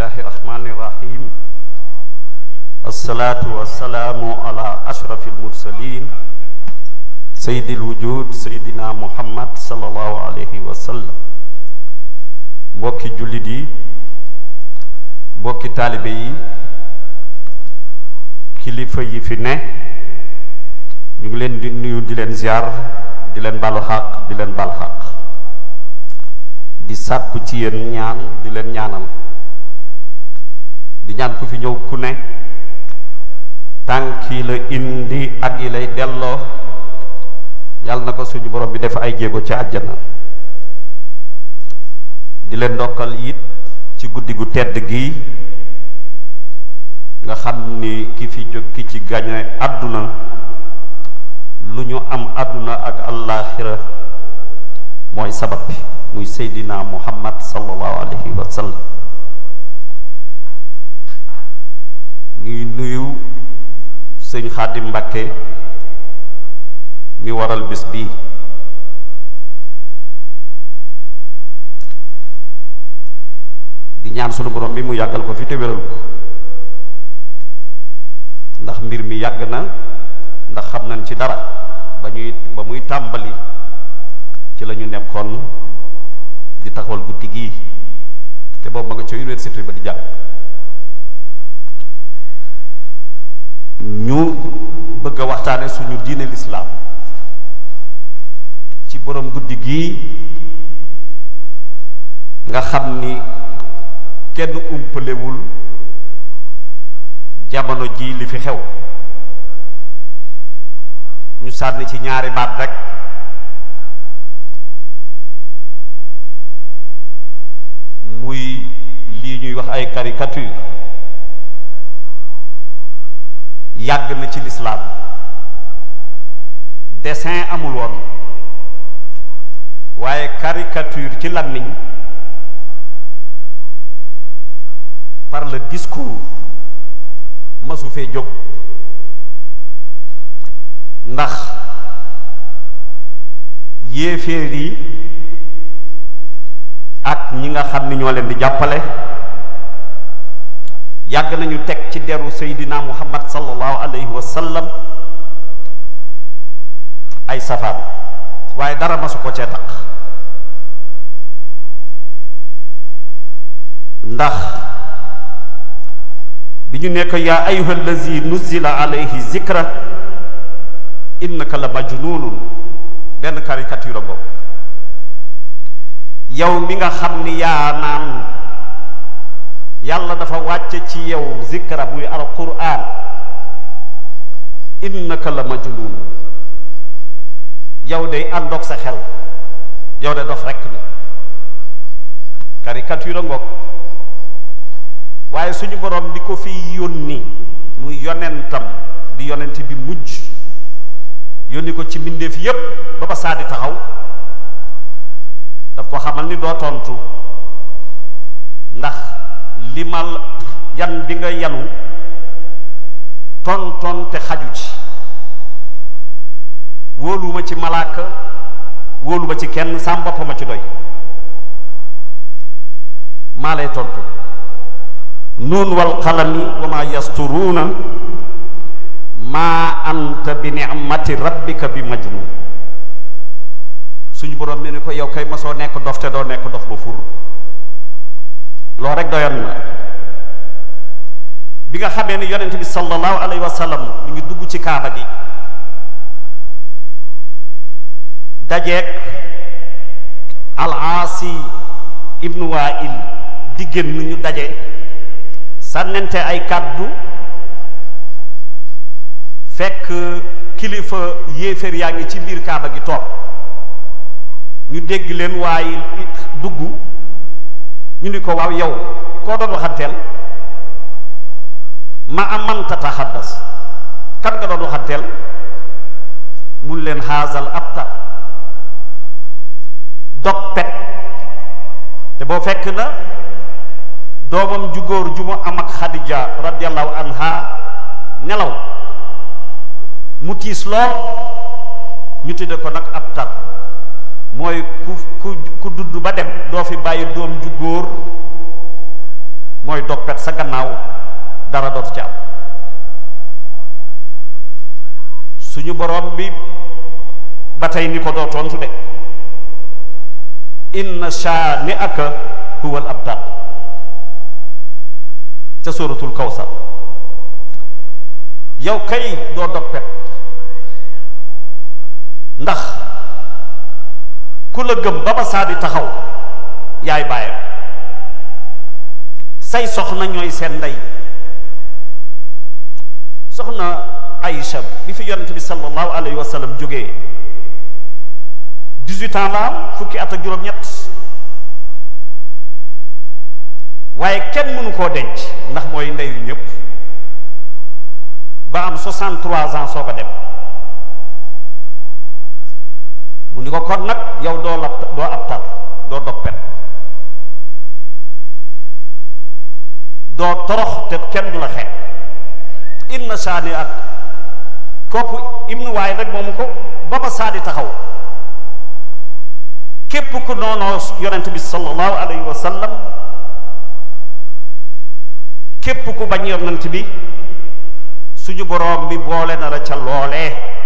bismillahi rahmani rahim alsalaatu wassalaamu ala ashraf almursalin saydi alwujud saydina muhammad sallallahu alayhi wa sallam jullit yi bokki taalibe yi kilifa yi fi ne ñu ngi leen di nuyu di leen ziar di leen balu xaq di leen bal xaq di sàkku ci yéen ñaan di leen ñaanal di ñaan ku fi ñëw ku ne tànk yi la indi at yi lay delloo yàlla na ko suñu borom bi def ay jéego ci àjjana di leen ndokkal it ci guddi gu tedd gi nga xam ni ki fi jóg ki ci gañe àdduna lu ñu am àdduna ak allaaxira mooy sabat bi muy seydina muhammad sallallahu alayhi wa sallam ñuy nuyu sëñ Xaadim Mbàkke mi waral bés bii di ñaan sunu borom bi mu yàggal ko fi te wéral ko ndax mbir mi yàgg na ndax xam nañ ci dara ba ñuy ba muy tàmbali ci la ñu nekkoon di taxawal guddi gii te boobu ma nga ca université ba di jàng ñu bëgg waxtaane suñu diine lislaam ci borom guddi gii nga xam ni kenn umpalewul jamono ji li fi xew ñu sànni ci ñaari baat rekk muy lii ñuy wax ay caricature yàgg na ci lislaam dessin amul woon waaye caricature ci làmmiñ par le discours masu fee jóg ndax yéeféer yi ak ñi nga xam ni ñoo leen di jàppale yàgg nañu teg ci deru seydina muhammad sallallahu alayhi wa sallam ay safaan waaye dara masu ko cee taq ndax bi ñu nekk yaa ayuha allazi alayhi zikra innaka la majnunun benn caricature boobu yow mi nga xam ni yaa naan yàlla dafa wàcce ci yow zikra muy alquran innaka la majnun yow de àndoog sa xel yow de dof rekk la caricature ngoog waaye suñu borom di ko fi yónni muy yonentam di yonent bi mujj yónni ko ci mbindeef yépp ba ba saadi taxaw daf ko xamal ni doo tontu ndax li mal yan bi nga yanu ton ton te xaju ci wóoluwuma ci malaaka wóoluwuma ci kenn sam boppama ci doy maa lay tontu nuun wal qalami wa maa yasturuuna maa anta bi ni'mati rabbika bi majnun suñu borom mel ni ko yow kay ma soo nekk dof doo nekk dof ba fur loolu rek doyoon na bi nga xamee ni yonent bi sallallahu alayhi wa sallam mu ngi dugg ci kaaba gi dajeek al-Aasi ibnu Waa'il di génn ñu daje sànnente ay kàddu fekk kilifa yéeféer yaa ngi ci biir kaaba gi toog ñu dégg leen waaye dugg ñu ni ko waaw yow koo doon waxanteel ma am man tataxaddas kan nga doon waxanteel mun leen xaasal abtar dog pet te boo fekk na doomam ju góor ju mu am ak Xadija radiyallahu anha nelaw mu tiis lool ñu tudde ko nag abtar mooy ku ku ku dudd ba dem doo fi bàyyi doom ju góor mooy doppet sa gannaaw dara dootu ci am suñu boroom bi ba tey ni ko doo tontu de inna shaani aka huwal abtar ca sóoratul kawsar yow kay doo doppet ndax ku la gëm ba ba saa di taxaw yaay bàyyam say soxna ñooy seen ndey soxna Aïcha bi fi yonent bi sallallahu alayhi wa sallam jógee ans la am fukki at ak juróom-ñett waaye kenn mënu koo denc ndax mooy ndeyu ñëpp ba am soixante-trois ans soo ko dem mu ko kon nag yow doo lab doo ab doo dog doo torox te kenn du la xeet inna saani at kooku ibnu waay rek moomu ko ba ba saadi taxaw képp ku noonoo yonent bi sallallahu alayhi wa sallam képp bi suñu boroom bi boole na la ca loolee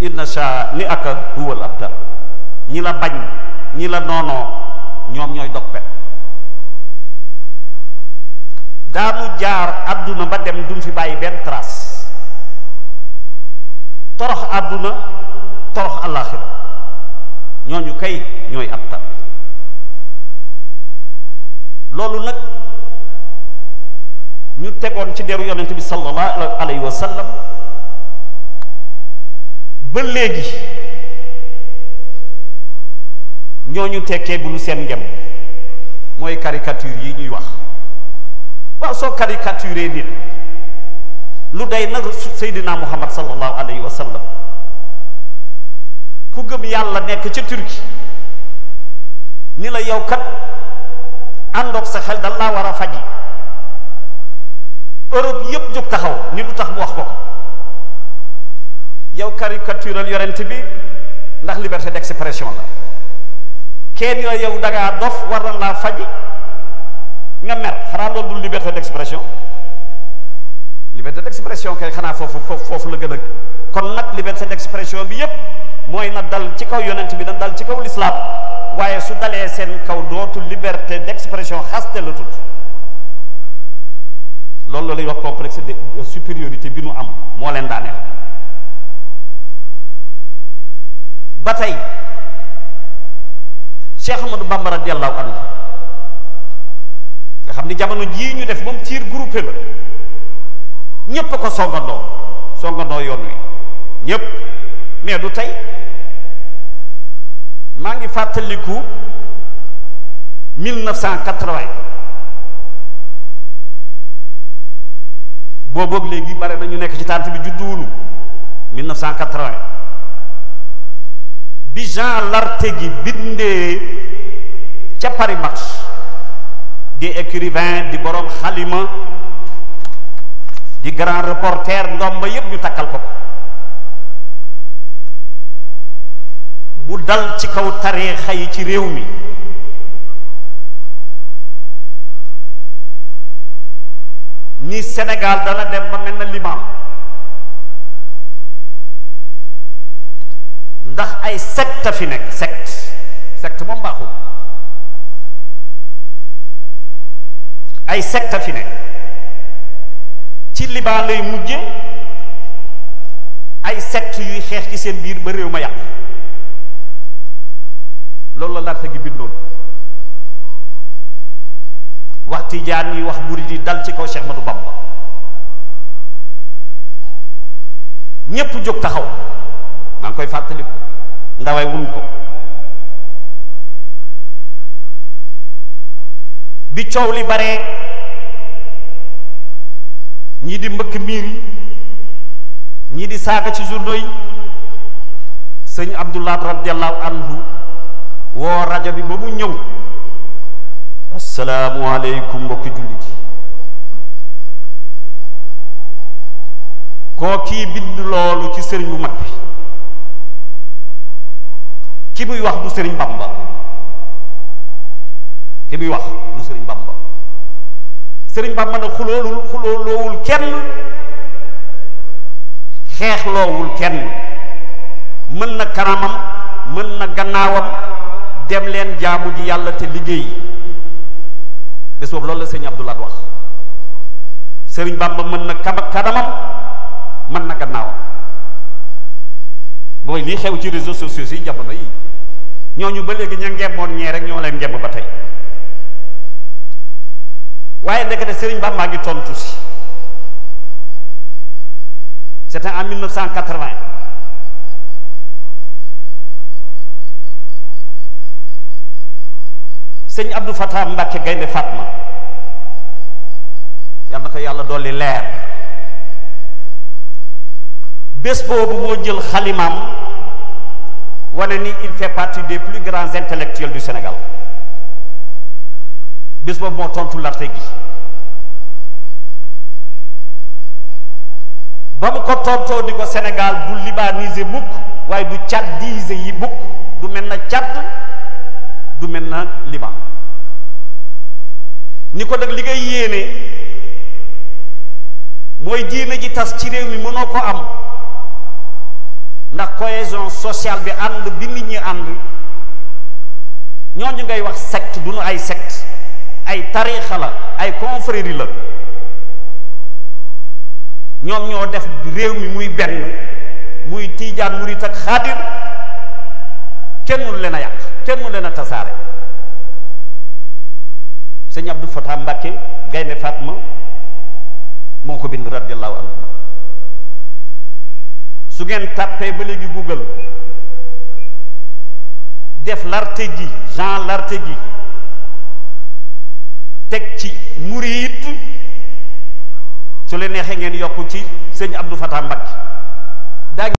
inna sha ni aka huwal abtar ñi la bañ ñi la noonoo ñoom ñooy dog pet daanu jaar àdduna ba dem duñ fi bàyyi benn tras torox àdduna torox àllaaxira ñooñu kay ñooy abtar loolu nag ñu tegoon ci deru yonent bi sallallahu alayhi wa ba léegi ñooñu tekkee gulu seen ngem mooy caricature yi ñuy wax waaw soo caricaturé nit lu day na seydina muhammad sallallahu alayhi wa ku gëm yàlla nekk ca turki ni la yow kat àndoog sa xel dal laa war a faji Europe yépp jóg taxaw ni lu tax mu wax ko yow caricatural yorent bi ndax liberté d'expression la kenn yow da dof war na laa faj nga mer xanaa loolu dul liberté d'expression liberté d'expression kay xanaa foofu foofu la gën a kon nag liberté d'expression bi yépp mooy na dal ci kaw yonent bi na dal ci kaw lislaam waaye su dalee seen kaw dootu liberté d'expression xaste la tudd loolu la lay wax complexe de supériorité bi nu am moo leen daaneel ba tey Cheikh Ahmadou Bamba radiyallahu anhu nga xam ni jamono ji ñu def moom tiir groupé la ñépp ko songandoo songandoo yoon wi ñépp mais du tey maa ngi fàttaliku 1980 booboog léegi bare na ñu nekk ci tànt bi judduwulu 1980 bi larte gi bindee ca Paris di écrivain di borom xalima di grand reporter ndomba yépp ñu takkal ko bu dal ci kaw tariixa yi ci réew mi ni Sénégal dana dem ba mel na limaam ndax ay secte fi nekk secte secte moom baaxul ay secte fi nekk ci libaan lay mujje ay secte yuy xeex ci seen biir ba réew ma yàq loolu la larta gi bindoon wax jaar yi wax murid yi dal ci kaw Cheikh Ahmadou Bamba ñépp jóg taxaw maa ngi koy fàttaliku ndawe wuñ ko bi coow li bare ñii di mbëkk miir yi ñii di saaga ci journaux yi sëñ abdullah radiallahu anhu woo rajo bi ba mu ñëw asalaamualeykum mbokki jullit yi koo kii bind loolu ci sëriñ bu mag bi ki muy wax du sëriñ Bamba ki muy wax du sëriñ Bamba sëriñ Bamba nag xuloolul xulooloowul kenn xeexloowul kenn mën na kanamam mën na gannaawam dem leen jaamu ji yàlla te liggéey bés boobu loolu la sëriñ Abdou Lahad wax sëriñ Bamba mën na kama kanamam mën na gannaawam mooy lii xew ci réseaux sociaux yi jamono yi ñooñu ba léegi ña ngemboon ñee rek ñoo leen ngemb ba tey waaye ndekete Serigne Ba maa ngi tontu si c'était en 1980 sëñ Abdou Fatah Mbacke Gaynde Fatma yal na ko yàlla dolli leer bés boobu moo jël xalimaam. wane ni il fait partie des plus grands intellectuels du Sénégal bés boobu moo tontu larte gi ba mu ko tontoo di ko Sénégal du libaniser mukk waaye du caddiser yi mukk du mel na Tchad du mel na Liban ni ko nag li ngay yéene mooy diine ji tas ci réew mi mënoo ko am ndax cohésion sociale bi ànd bi nit ñi ànd ñooñu ngay wax secte du ñu ay secte ay tariixa la ay confrérie la ñoom ñoo def réew mi muy benn muy tiijaan murit ak xaadir kenn mënu leen a yàq kenn mënu leen a tasaare sëñ Abdou Fatah Mbacke Gaynde Fatma moo ko bind radiyallahu anhu su ngeen tàppee ba léegi google def larte Lartegui Jean Lartegui teg ci murit su leen neexee ngeen yokk ci sëñ abdu Fatah Mbacké